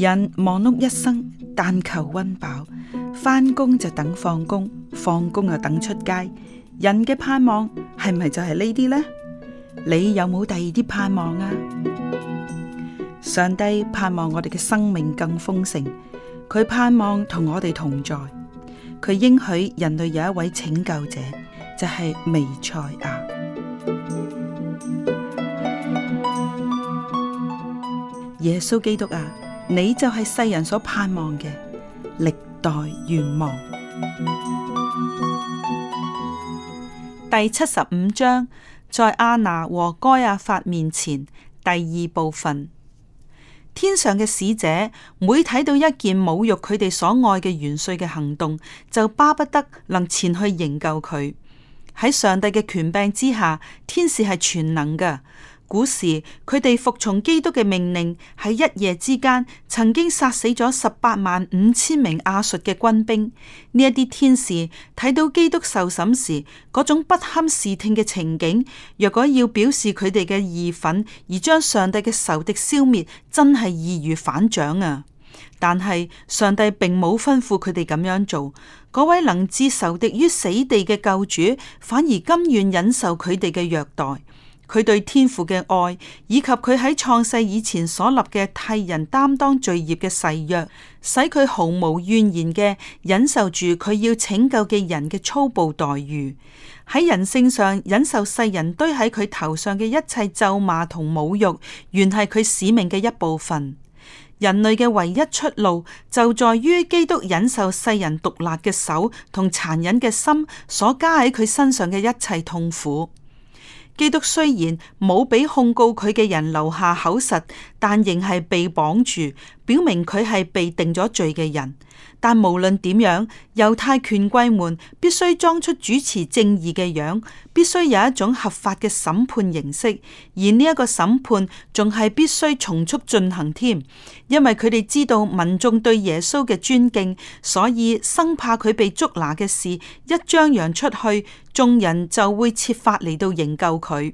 人忙碌一生，但求溫飽，翻工就等放工，放工又等出街。人嘅盼望係咪就係呢啲呢？你有冇第二啲盼望啊？上帝盼望我哋嘅生命更豐盛，佢盼望同我哋同在，佢應許人類有一位拯救者，就係彌賽亞，耶穌基督啊！你就係世人所盼望嘅歷代願望。第七十五章，在阿拿和該亞法面前，第二部分。天上嘅使者每睇到一件侮辱佢哋所愛嘅元帥嘅行動，就巴不得能前去營救佢。喺上帝嘅權柄之下，天使係全能嘅。古時，佢哋服從基督嘅命令，喺一夜之間曾經殺死咗十八萬五千名亞述嘅軍兵。呢一啲天使睇到基督受審時嗰種不堪視聽嘅情景，若果要表示佢哋嘅義憤而將上帝嘅仇敵消滅，真係易如反掌啊！但係上帝並冇吩咐佢哋咁樣做。嗰位能置仇敵於死地嘅救主，反而甘願忍受佢哋嘅虐待。佢對天父嘅愛，以及佢喺創世以前所立嘅替人擔當罪孽嘅誓約，使佢毫無怨言嘅忍受住佢要拯救嘅人嘅粗暴待遇，喺人性上忍受世人堆喺佢頭上嘅一切咒罵同侮辱，原係佢使命嘅一部分。人類嘅唯一出路就在於基督忍受世人毒辣嘅手同殘忍嘅心所加喺佢身上嘅一切痛苦。基督雖然冇畀控告佢嘅人留下口實，但仍係被綁住，表明佢係被定咗罪嘅人。但無論點樣，猶太權貴們必須裝出主持正義嘅樣，必須有一種合法嘅審判形式，而呢一個審判仲係必須從速進行添，因為佢哋知道民眾對耶穌嘅尊敬，所以生怕佢被捉拿嘅事一張揚出去，眾人就會設法嚟到營救佢。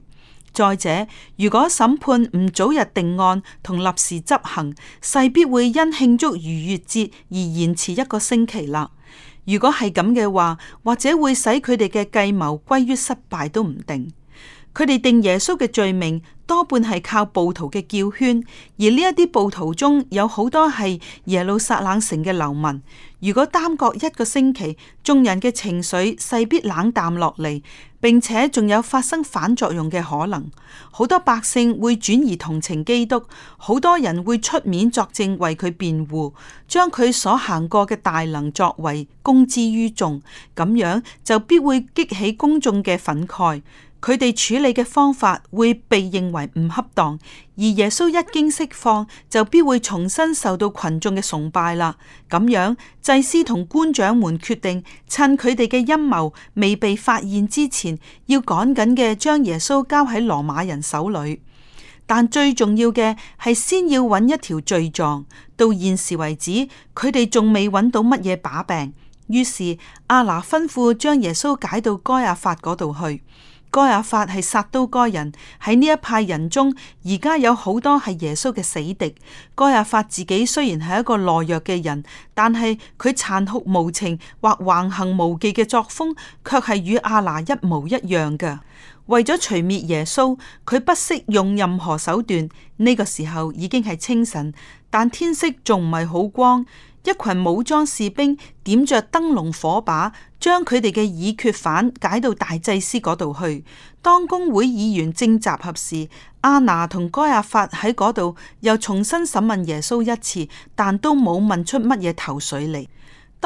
再者，如果審判唔早日定案同立時執行，勢必會因慶祝逾越節而延遲一個星期啦。如果係咁嘅話，或者會使佢哋嘅計謀歸於失敗都唔定。佢哋定耶穌嘅罪名多半係靠暴徒嘅叫圈，而呢一啲暴徒中有好多係耶路撒冷城嘅流民。如果耽擱一個星期，眾人嘅情緒勢必冷淡落嚟，並且仲有發生反作用嘅可能。好多百姓會轉移同情基督，好多人會出面作證為佢辯護，將佢所行過嘅大能作為公之於眾。咁樣就必會激起公眾嘅憤慨。佢哋處理嘅方法會被認為唔恰當，而耶穌一經釋放，就必會重新受到群眾嘅崇拜啦。咁樣，祭司同官長們決定，趁佢哋嘅陰謀未被發現之前，要趕緊嘅將耶穌交喺羅馬人手裏。但最重要嘅係先要揾一條罪狀。到現時為止，佢哋仲未揾到乜嘢把柄。於是，阿拿吩咐將耶穌解到該亞法嗰度去。該亞法係撒都該人，喺呢一派人中，而家有好多係耶穌嘅死敵。該亞法自己雖然係一個懦弱嘅人，但係佢殘酷無情或橫行無忌嘅作風，卻係與亞拿一模一樣嘅。為咗除滅耶穌，佢不惜用任何手段。呢、這個時候已經係清晨，但天色仲唔係好光。一群武裝士兵點着燈籠火把，將佢哋嘅已決犯解到大祭司嗰度去。當工會議員正集合時，阿娜同該亞法喺嗰度又重新審問耶穌一次，但都冇問出乜嘢頭緒嚟。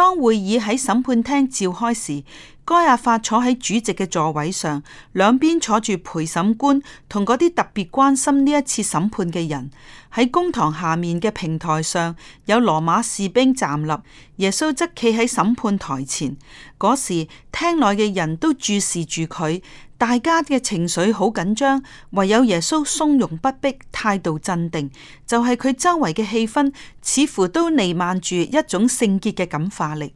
當會議喺審判廳召開時，該亞法坐喺主席嘅座位上，兩邊坐住陪審官同嗰啲特別關心呢一次審判嘅人。喺公堂下面嘅平台上，有羅馬士兵站立，耶穌則企喺審判台前。嗰時廳內嘅人都注視住佢。大家嘅情緒好緊張，唯有耶穌松容不迫，態度鎮定。就係、是、佢周圍嘅氣氛，似乎都彌漫住一種聖潔嘅感化力。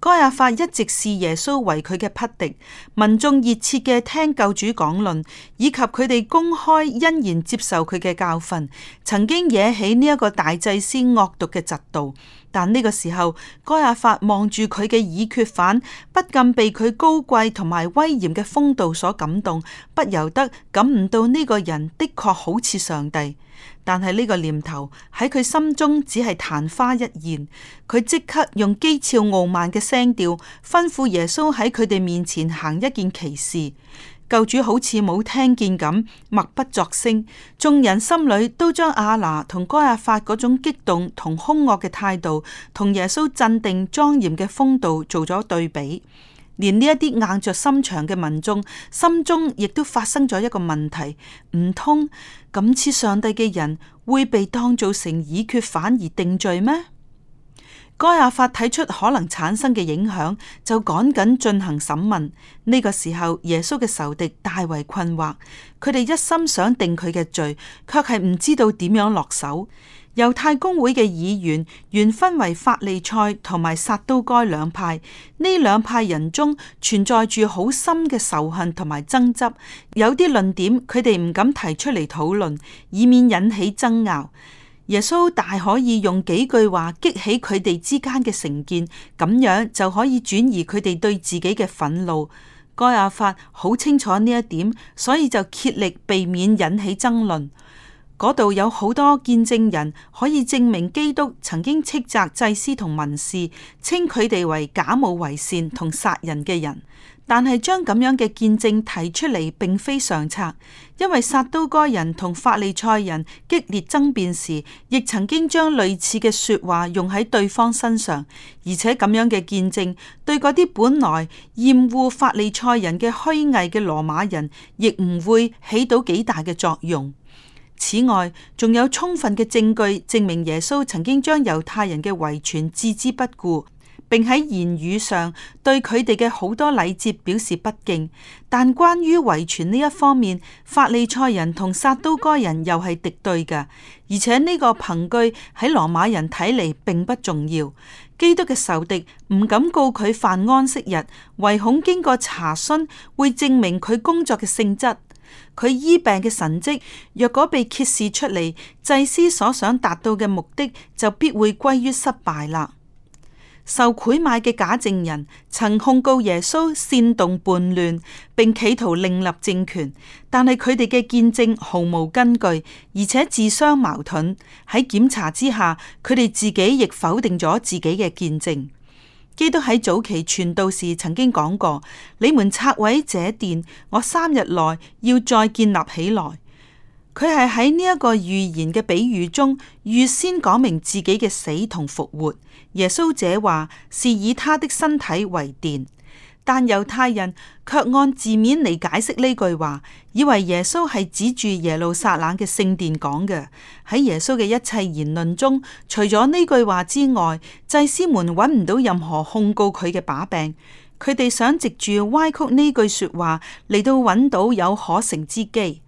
該亞法一直視耶穌為佢嘅匹敵，民眾熱切嘅聽救主講論，以及佢哋公開欣然接受佢嘅教訓，曾經惹起呢一個大祭司惡毒嘅嫉妒。但呢個時候，該亞法望住佢嘅已決犯，不禁被佢高貴同埋威嚴嘅風度所感動，不由得感悟到呢個人的確好似上帝。但係呢個念頭喺佢心中只係曇花一現，佢即刻用譏誚傲慢嘅聲調吩咐耶穌喺佢哋面前行一件奇事。救主好似冇聽見咁，默不作聲。眾人心裏都將阿拿同哥亞法嗰種激動同兇惡嘅態度，同耶穌鎮定莊嚴嘅風度做咗對比。連呢一啲硬着心腸嘅民眾，心中亦都發生咗一個問題：唔通咁似上帝嘅人會被當做成已決反而定罪咩？該亞法睇出可能產生嘅影響，就趕緊進行審問。呢個時候，耶穌嘅仇敵大為困惑，佢哋一心想定佢嘅罪，卻係唔知道點樣落手。猶太公會嘅議員原分為法利賽同埋撒都該兩派，呢兩派人中存在住好深嘅仇恨同埋爭執，有啲論點佢哋唔敢提出嚟討論，以免引起爭拗。耶穌大可以用幾句話激起佢哋之間嘅成見，咁樣就可以轉移佢哋對自己嘅憤怒。該亞法好清楚呢一點，所以就竭力避免引起爭論。嗰度有好多見證人可以證明基督曾經斥責祭司同文士，稱佢哋為假冒為善同殺人嘅人。但係將咁樣嘅見證提出嚟，並非上策，因為撒都該人同法利賽人激烈爭辯時，亦曾經將類似嘅說話用喺對方身上，而且咁樣嘅見證對嗰啲本來厭惡法利賽人嘅虛偽嘅羅馬人，亦唔會起到幾大嘅作用。此外，仲有充分嘅證據證明耶穌曾經將猶太人嘅遺傳置之不顧。並喺言語上對佢哋嘅好多禮節表示不敬，但關於遺傳呢一方面，法利賽人同撒都該人又係敵對嘅，而且呢個憑據喺羅馬人睇嚟並不重要。基督嘅仇敵唔敢告佢犯安息日，唯恐經過查詢會證明佢工作嘅性質，佢醫病嘅神蹟若果被揭示出嚟，祭司所想達到嘅目的就必會歸於失敗啦。受賄買嘅假證人曾控告耶穌煽動叛亂，並企圖另立政權，但係佢哋嘅見證毫無根據，而且自相矛盾。喺檢查之下，佢哋自己亦否定咗自己嘅見證。基督喺早期傳道時曾經講過：「你們拆毀這殿，我三日內要再建立起來。」佢係喺呢一個預言嘅比喻中，預先講明自己嘅死同復活。耶穌這話是以他的身體為殿，但猶太人卻按字面嚟解釋呢句話，以為耶穌係指住耶路撒冷嘅聖殿講嘅。喺耶穌嘅一切言論中，除咗呢句話之外，祭司們揾唔到任何控告佢嘅把柄。佢哋想藉住歪曲呢句說話嚟到揾到有可乘之機。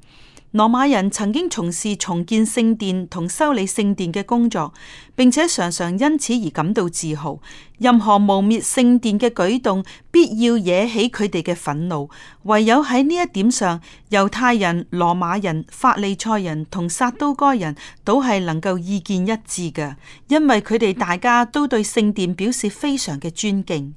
羅馬人曾經從事重建聖殿同修理聖殿嘅工作，並且常常因此而感到自豪。任何污衊聖殿嘅舉動，必要惹起佢哋嘅憤怒。唯有喺呢一點上，猶太人、羅馬人、法利賽人同撒都該人，都係能夠意見一致嘅，因為佢哋大家都對聖殿表示非常嘅尊敬。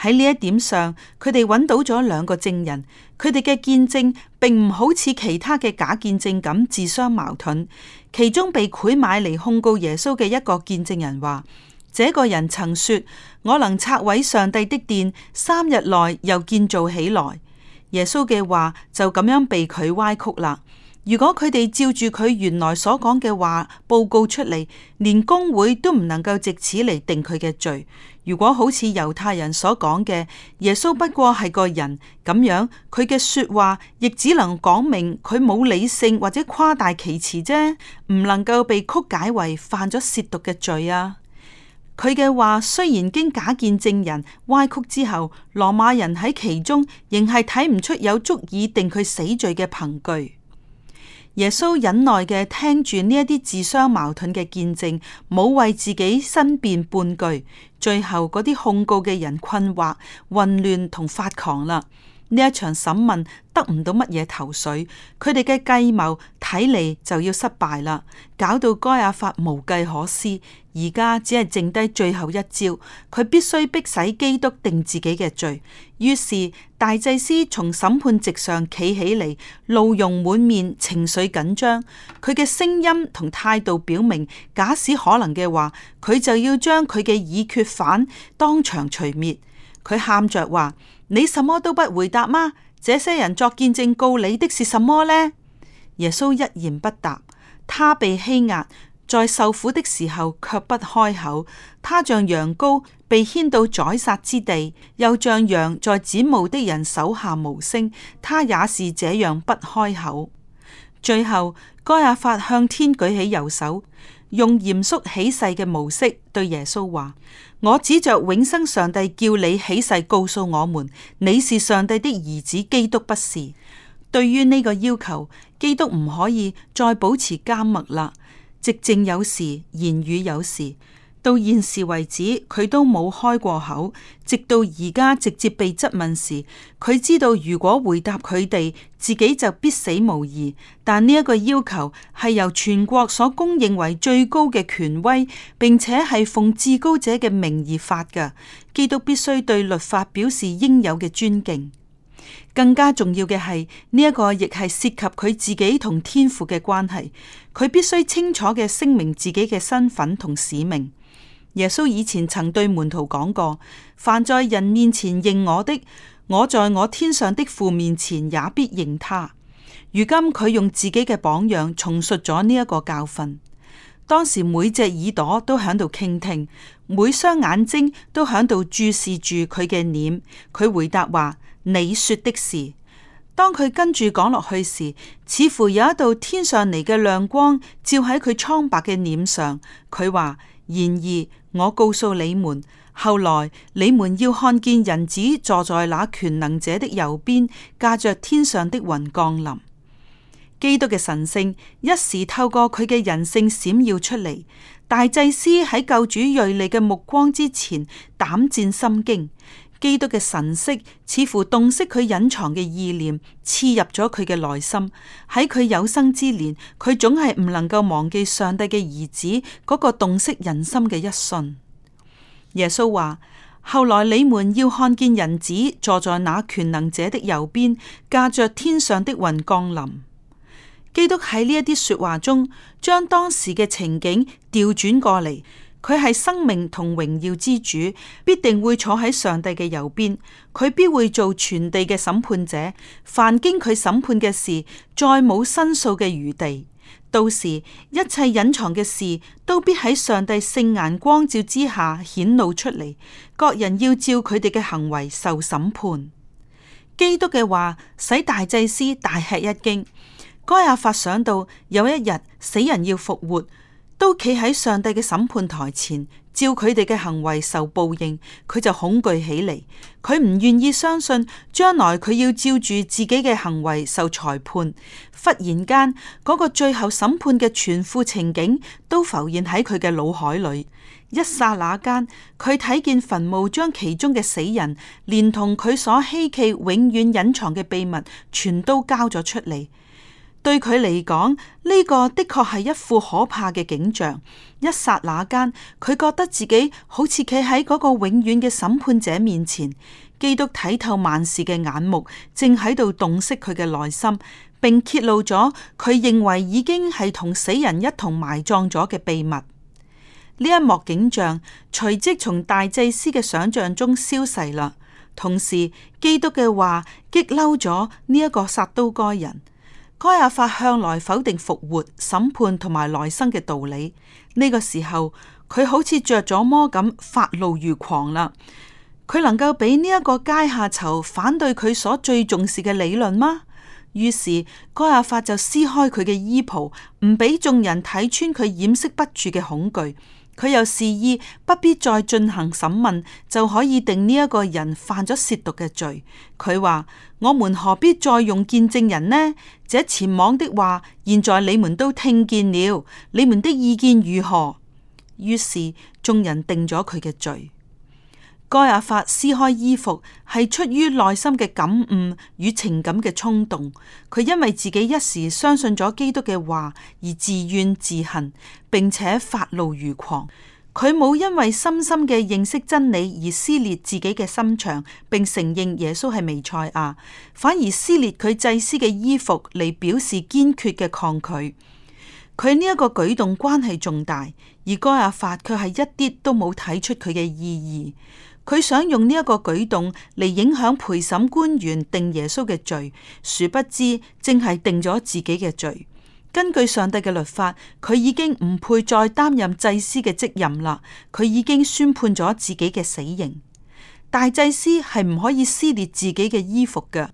喺呢一點上，佢哋揾到咗兩個證人，佢哋嘅見證並唔好似其他嘅假見證咁自相矛盾。其中被賄買嚟控告耶穌嘅一個見證人話：「這個人曾說我能拆毀上帝的殿，三日內又建造起來。」耶穌嘅話就咁樣被佢歪曲啦。如果佢哋照住佢原來所講嘅話報告出嚟，連公會都唔能夠借此嚟定佢嘅罪。如果好似猶太人所講嘅耶穌不過係個人咁樣，佢嘅說話亦只能講明佢冇理性或者誇大其詞啫，唔能夠被曲解為犯咗褻瀆嘅罪啊。佢嘅話雖然經假見證人歪曲之後，羅馬人喺其中仍係睇唔出有足以定佢死罪嘅憑據。耶穌忍耐嘅聽住呢一啲自相矛盾嘅見證，冇為自己申辯半句，最後嗰啲控告嘅人困惑、混亂同發狂啦。呢一場審問得唔到乜嘢頭緒，佢哋嘅計謀睇嚟，就要失敗啦，搞到該亞法無計可施。而家只係剩低最後一招，佢必須逼使基督定自己嘅罪。於是大祭司從審判席上企起嚟，怒容滿面，情緒緊張。佢嘅聲音同態度表明，假使可能嘅話，佢就要將佢嘅已決犯當場除滅。佢喊着話：你什麼都不回答嗎？這些人作見證告你的是什麼呢？耶穌一言不答，他被欺壓。在受苦的時候，却不開口。他像羊羔被牽到宰殺之地，又像羊在剪毛的人手下無聲。他也是這樣不開口。最後，該亞法向天舉起右手，用嚴肅起誓嘅模式對耶穌話：我指着永生上帝叫你起誓，告訴我們你是上帝的兒子基督，不是。對於呢個要求，基督唔可以再保持緘默啦。寂靜有時，言語有時，到現時為止佢都冇開過口，直到而家直接被質問時，佢知道如果回答佢哋，自己就必死無疑。但呢一個要求係由全國所公認為最高嘅權威，並且係奉至高者嘅名而發嘅，基督必須對律法表示應有嘅尊敬。更加重要嘅係呢一個，亦係涉及佢自己同天父嘅關係。佢必須清楚嘅聲明自己嘅身份同使命。耶穌以前曾對門徒講過，凡在人面前認我的，我在我天上的父面前也必認他。如今佢用自己嘅榜樣重述咗呢一個教訓。當時每隻耳朵都響度傾聽，每雙眼睛都響度注視住佢嘅臉。佢回答話。你說的是，當佢跟住講落去時，似乎有一道天上嚟嘅亮光照喺佢蒼白嘅臉上。佢話：然而我告訴你們，後來你們要看見人子坐在那權能者的右邊，駕着天上的雲降臨。基督嘅神性一時透過佢嘅人性閃耀出嚟，大祭司喺救主銳利嘅目光之前膽戰心驚。基督嘅神色似乎洞悉佢隱藏嘅意念，刺入咗佢嘅內心。喺佢有生之年，佢總係唔能夠忘記上帝嘅兒子嗰個洞悉人心嘅一瞬。耶穌話：後來你們要看見人子坐在那權能者的右邊，駕着天上的雲降臨。基督喺呢一啲說話中，將當時嘅情景調轉過嚟。佢係生命同榮耀之主，必定會坐喺上帝嘅右邊。佢必會做全地嘅審判者，凡經佢審判嘅事，再冇申訴嘅餘地。到時一切隱藏嘅事，都必喺上帝聖眼光照之下顯露出嚟。各人要照佢哋嘅行為受審判。基督嘅話使大祭司大吃一驚。該亞法想到有一日死人要復活。都企喺上帝嘅審判台前，照佢哋嘅行為受報應，佢就恐懼起嚟。佢唔願意相信將來佢要照住自己嘅行為受裁判。忽然間，嗰個最後審判嘅全副情景都浮現喺佢嘅腦海裏，一剎那間，佢睇見墳墓將其中嘅死人，連同佢所希冀永遠隱藏嘅秘密，全都交咗出嚟。對佢嚟講，呢、這個的確係一副可怕嘅景象。一剎那間，佢覺得自己好似企喺嗰個永遠嘅審判者面前。基督睇透萬事嘅眼目，正喺度洞悉佢嘅內心，並揭露咗佢認為已經係同死人一同埋葬咗嘅秘密。呢一幕景象隨即從大祭司嘅想象中消逝啦。同時，基督嘅話激嬲咗呢一個殺刀該人。該亞法向來否定復活、審判同埋來生嘅道理，呢、這個時候佢好似着咗魔咁發怒如狂啦！佢能夠俾呢一個階下囚反對佢所最重視嘅理論嗎？於是該亞法就撕開佢嘅衣袍，唔俾眾人睇穿佢掩飾不住嘅恐懼。佢又示意不必再進行審問，就可以定呢一個人犯咗褻瀆嘅罪。佢話：我們何必再用見證人呢？這前往的話，現在你們都聽見了，你們的意見如何？於是眾人定咗佢嘅罪。該亞法撕開衣服，係出於內心嘅感悟與情感嘅衝動。佢因為自己一時相信咗基督嘅話而自怨自恨，並且發怒如狂。佢冇因為深深嘅認識真理而撕裂自己嘅心腸，並承認耶穌係彌賽亞，反而撕裂佢祭司嘅衣服嚟表示堅決嘅抗拒。佢呢一個舉動關係重大，而該亞法卻係一啲都冇睇出佢嘅意義。佢想用呢一個舉動嚟影響陪審官員定耶穌嘅罪，殊不知正係定咗自己嘅罪。根據上帝嘅律法，佢已經唔配再擔任祭司嘅職任啦。佢已經宣判咗自己嘅死刑。大祭司係唔可以撕裂自己嘅衣服嘅。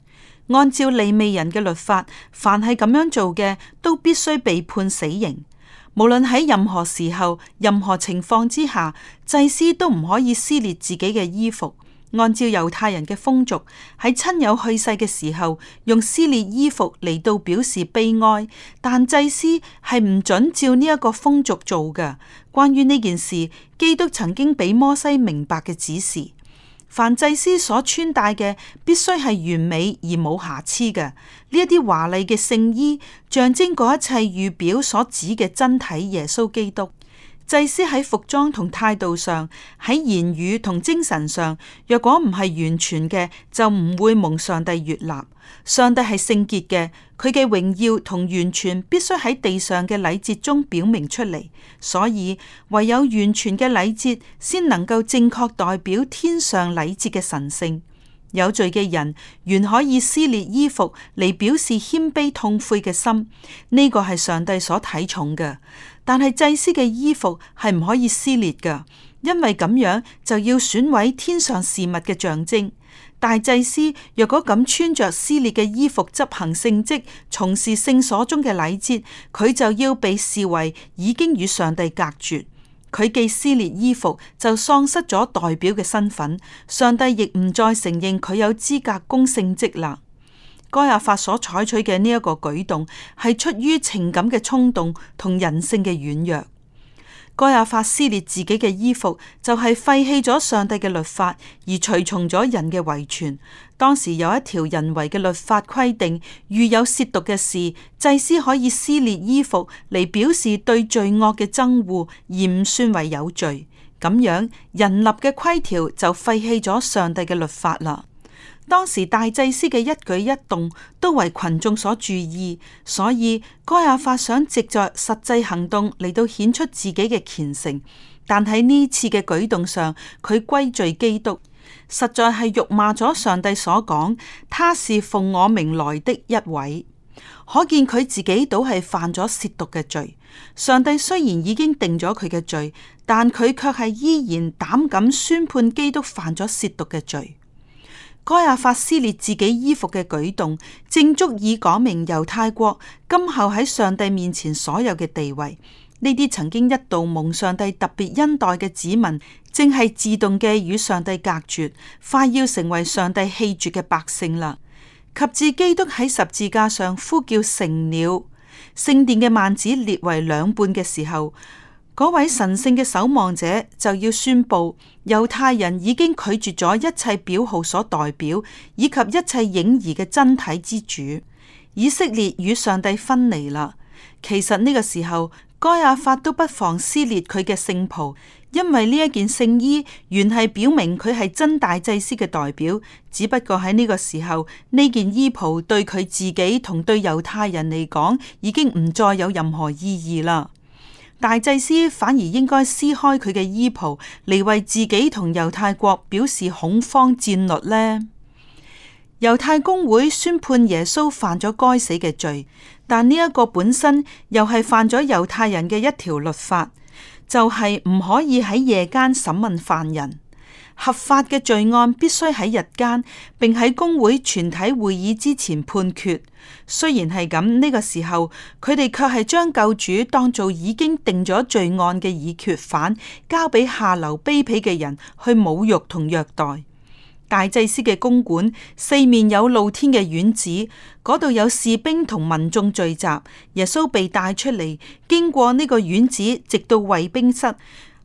按照利未人嘅律法，凡係咁樣做嘅，都必須被判死刑。無論喺任何時候、任何情況之下，祭司都唔可以撕裂自己嘅衣服。按照猶太人嘅風俗，喺親友去世嘅時候，用撕裂衣服嚟到表示悲哀。但祭司係唔准照呢一個風俗做嘅。關於呢件事，基督曾經俾摩西明白嘅指示。凡祭司所穿戴嘅，必須係完美而冇瑕疵嘅。呢一啲華麗嘅聖衣，象徵嗰一切預表所指嘅真體耶穌基督。祭司喺服裝同態度上，喺言語同精神上，若果唔係完全嘅，就唔會蒙上帝悅納。上帝係聖潔嘅。佢嘅榮耀同完全必須喺地上嘅禮節中表明出嚟，所以唯有完全嘅禮節先能夠正確代表天上禮節嘅神聖。有罪嘅人原可以撕裂衣服嚟表示謙卑痛悔嘅心，呢、這個係上帝所睇重嘅。但係祭司嘅衣服係唔可以撕裂噶，因為咁樣就要損毀天上事物嘅象徵。大祭司若果咁穿着撕裂嘅衣服執行聖職，從事聖所中嘅禮節，佢就要被視為已經與上帝隔絕。佢既撕裂衣服，就喪失咗代表嘅身份，上帝亦唔再承認佢有資格供聖職啦。該亞法所採取嘅呢一個舉動係出於情感嘅衝動同人性嘅軟弱。該亞法撕裂自己嘅衣服，就係廢棄咗上帝嘅律法，而隨從咗人嘅遺傳。當時有一條人為嘅律法規定，遇有褻瀆嘅事，祭司可以撕裂衣服嚟表示對罪惡嘅憎惡，而唔算為有罪。咁樣人立嘅規條就廢棄咗上帝嘅律法啦。當時大祭司嘅一舉一動都為群眾所注意，所以該亞法想藉着實際行動嚟到顯出自己嘅虔誠。但喺呢次嘅舉動上，佢歸罪基督，實在係辱罵咗上帝所講，他是奉我名來的一位。可見佢自己倒係犯咗褻瀆嘅罪。上帝雖然已經定咗佢嘅罪，但佢卻係依然膽敢宣判基督犯咗褻瀆嘅罪。該亞法撕裂自己衣服嘅舉動，正足以講明猶太國今後喺上帝面前所有嘅地位。呢啲曾經一度蒙上帝特別恩待嘅子民，正係自動嘅與上帝隔絕，快要成為上帝棄絕嘅百姓啦。及至基督喺十字架上呼叫成了，聖殿嘅幔子裂為兩半嘅時候。嗰位神聖嘅守望者就要宣布，猶太人已經拒絕咗一切表號所代表，以及一切影兒嘅真體之主。以色列與上帝分離啦。其實呢個時候，該亞法都不妨撕裂佢嘅聖袍，因為呢一件聖衣原係表明佢係真大祭司嘅代表，只不過喺呢個時候，呢件衣袍對佢自己同對猶太人嚟講，已經唔再有任何意義啦。大祭司反而應該撕開佢嘅衣袍，嚟為自己同猶太國表示恐慌戰慄呢？猶太公會宣判耶穌犯咗該死嘅罪，但呢一個本身又係犯咗猶太人嘅一條律法，就係、是、唔可以喺夜間審問犯人。合法嘅罪案必須喺日間，並喺公會全體會議之前判決。雖然係咁，呢、這個時候佢哋卻係將救主當做已經定咗罪案嘅已決犯，交俾下流卑鄙嘅人去侮辱同虐待。大祭司嘅公館四面有露天嘅院子，嗰度有士兵同民眾聚集。耶穌被帶出嚟，經過呢個院子，直到衛兵室。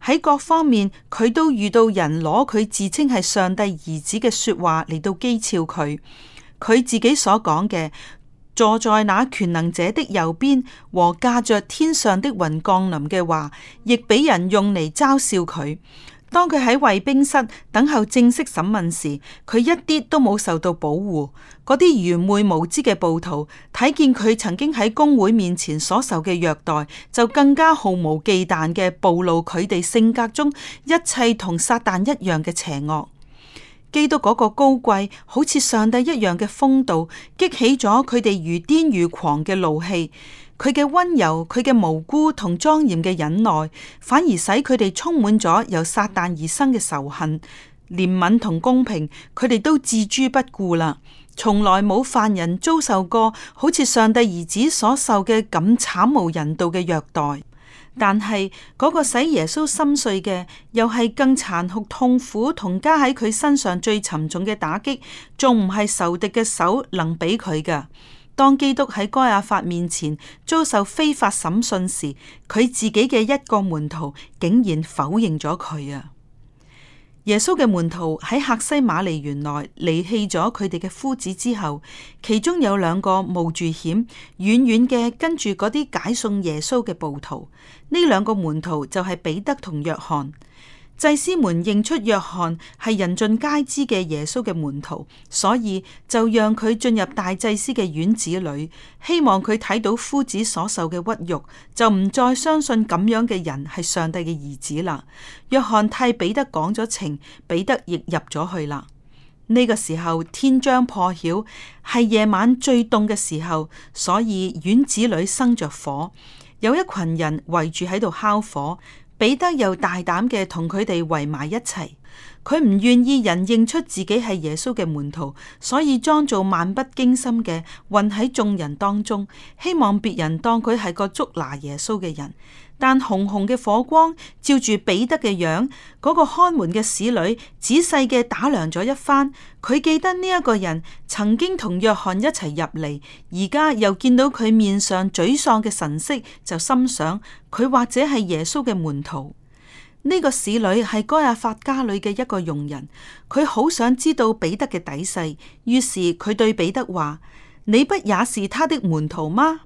喺各方面，佢都遇到人攞佢自稱係上帝兒子嘅說話嚟到譏笑佢。佢自己所講嘅坐在那權能者的右邊和駕着天上的雲降臨嘅話，亦俾人用嚟嘲笑佢。當佢喺衛兵室等候正式審問時，佢一啲都冇受到保護。嗰啲愚昧無知嘅暴徒睇見佢曾經喺公會面前所受嘅虐待，就更加毫無忌憚嘅暴露佢哋性格中一切同撒旦一樣嘅邪惡。基督嗰個高貴，好似上帝一樣嘅風度，激起咗佢哋如癲如狂嘅怒氣。佢嘅溫柔，佢嘅無辜同莊嚴嘅忍耐，反而使佢哋充滿咗由撒旦而生嘅仇恨、憐憫同公平，佢哋都置諸不顧啦。從來冇犯人遭受過好似上帝兒子所受嘅咁慘無人道嘅虐待。但係嗰個使耶穌心碎嘅，又係更殘酷、痛苦同加喺佢身上最沉重嘅打擊，仲唔係仇敵嘅手能俾佢㗎。當基督喺該亞法面前遭受非法審訊時，佢自己嘅一個門徒竟然否認咗佢啊！耶穌嘅門徒喺客西馬尼園內離棄咗佢哋嘅夫子之後，其中有兩個冒住險，遠遠嘅跟住嗰啲解送耶穌嘅暴徒。呢兩個門徒就係彼得同約翰。祭司們認出約翰係人盡皆知嘅耶穌嘅門徒，所以就讓佢進入大祭司嘅院子裏，希望佢睇到夫子所受嘅屈辱，就唔再相信咁樣嘅人係上帝嘅兒子啦。約翰替彼得講咗情，彼得亦入咗去啦。呢個時候，天將破曉，係夜晚最凍嘅時候，所以院子裏生着火，有一群人圍住喺度烤火。彼得又大膽嘅同佢哋圍埋一齊，佢唔願意人認出自己係耶穌嘅門徒，所以裝做漫不經心嘅混喺眾人當中，希望別人當佢係個捉拿耶穌嘅人。但紅紅嘅火光照住彼得嘅樣，嗰、那個看門嘅使女仔細嘅打量咗一番。佢記得呢一個人曾經同約翰一齊入嚟，而家又見到佢面上沮喪嘅神色，就心想佢或者係耶穌嘅門徒。呢、這個使女係該亞法家裏嘅一個傭人，佢好想知道彼得嘅底細，於是佢對彼得話：「你不也是他的門徒嗎？」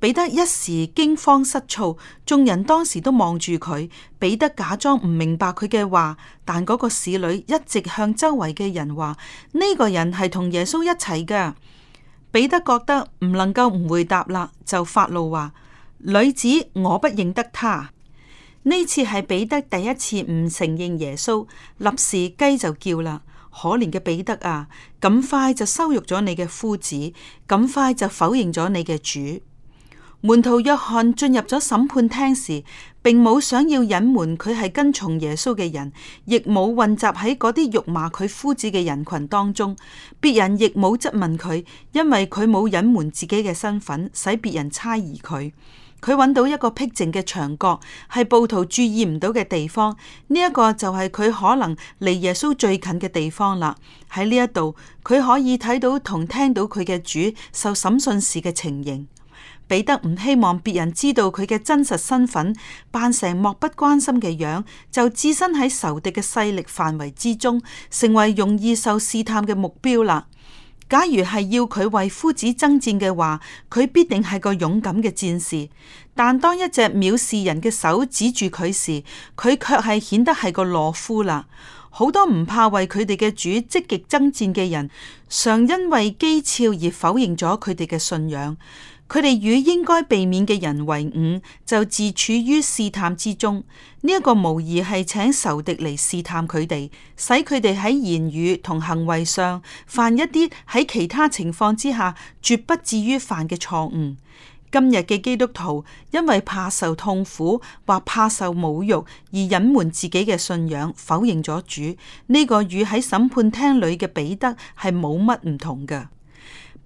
彼得一時驚慌失措，眾人當時都望住佢。彼得假裝唔明白佢嘅話，但嗰個侍女一直向周圍嘅人話：呢個人係同耶穌一齊嘅。彼得覺得唔能夠唔回答啦，就發怒話：女子，我不認得他。呢次係彼得第一次唔承認耶穌，立時雞就叫啦。可憐嘅彼得啊，咁快就羞辱咗你嘅夫子，咁快就否認咗你嘅主。門徒約翰進入咗審判廳時，並冇想要隱瞞佢係跟從耶穌嘅人，亦冇混雜喺嗰啲辱罵佢夫子嘅人群當中。別人亦冇質問佢，因為佢冇隱瞞自己嘅身份，使別人猜疑佢。佢搵到一個僻靜嘅牆角，係暴徒注意唔到嘅地方。呢一個就係佢可能離耶穌最近嘅地方啦。喺呢一度，佢可以睇到同聽到佢嘅主受審訊時嘅情形。彼得唔希望別人知道佢嘅真實身份，扮成漠不關心嘅樣，就置身喺仇敵嘅勢力範圍之中，成為容易受試探嘅目標啦。假如係要佢為夫子爭戰嘅話，佢必定係個勇敢嘅戰士。但當一隻藐視人嘅手指住佢時，佢卻係顯得係個懦夫啦。好多唔怕為佢哋嘅主積極爭戰嘅人，常因為譏誚而否認咗佢哋嘅信仰。佢哋與應該避免嘅人為伍，就自處於試探之中。呢一個無疑係請仇敵嚟試探佢哋，使佢哋喺言語同行為上犯一啲喺其他情況之下絕不至於犯嘅錯誤。今日嘅基督徒因為怕受痛苦或怕受侮辱而隱瞞自己嘅信仰，否認咗主，呢個與喺審判廳裏嘅彼得係冇乜唔同嘅。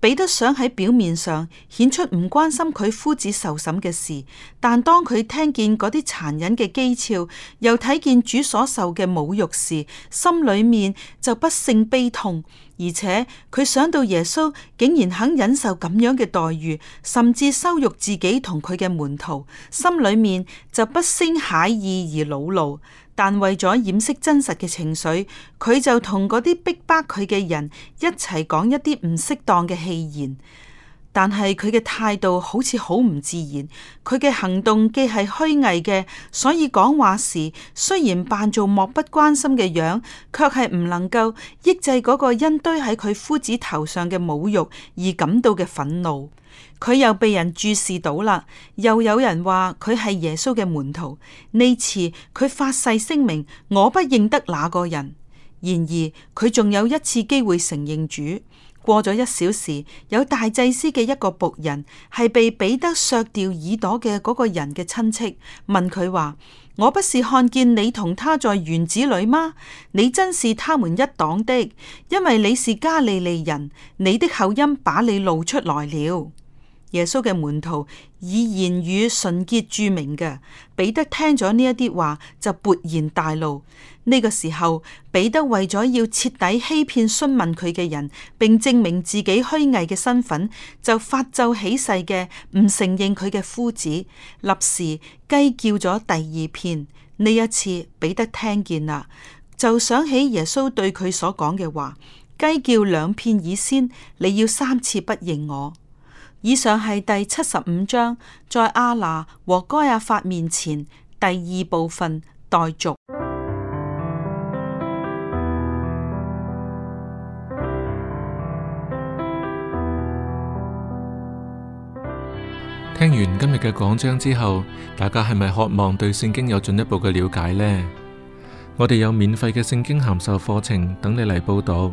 比得想喺表面上顯出唔關心佢夫子受審嘅事，但當佢聽見嗰啲殘忍嘅譏誚，又睇見主所受嘅侮辱時，心裏面就不勝悲痛。而且佢想到耶穌竟然肯忍受咁樣嘅待遇，甚至羞辱自己同佢嘅門徒，心裏面就不勝駭異而惱怒。但為咗掩飾真實嘅情緒，佢就同嗰啲逼迫佢嘅人一齊講一啲唔適當嘅戲言。但係佢嘅態度好似好唔自然，佢嘅行動既係虛偽嘅，所以講話時雖然扮做漠不關心嘅樣，卻係唔能夠抑制嗰個因堆喺佢夫子頭上嘅侮辱而感到嘅憤怒。佢又被人注視到啦，又有人話佢係耶穌嘅門徒。呢次佢發誓聲明，我不認得那個人。然而佢仲有一次機會承認主。過咗一小時，有大祭司嘅一個僕人係被彼得削掉耳朵嘅嗰個人嘅親戚問佢話：我不是看見你同他在園子裏嗎？你真是他們一黨的，因為你是加利利人，你的口音把你露出來了。耶穌嘅門徒以言語純潔著名嘅彼得聽咗呢一啲話就勃然大怒。呢、這個時候彼得為咗要徹底欺騙詢問佢嘅人，並證明自己虛偽嘅身份，就發咒起誓嘅唔承認佢嘅夫子，立時雞叫咗第二遍。呢一次彼得聽見啦，就想起耶穌對佢所講嘅話：雞叫兩遍以先，你要三次不認我。以上係第七十五章，在阿拿和該亞法面前第二部分待續。聽完今日嘅講章之後，大家係咪渴望對聖經有進一步嘅了解呢？我哋有免費嘅聖經函授課程等你嚟報讀。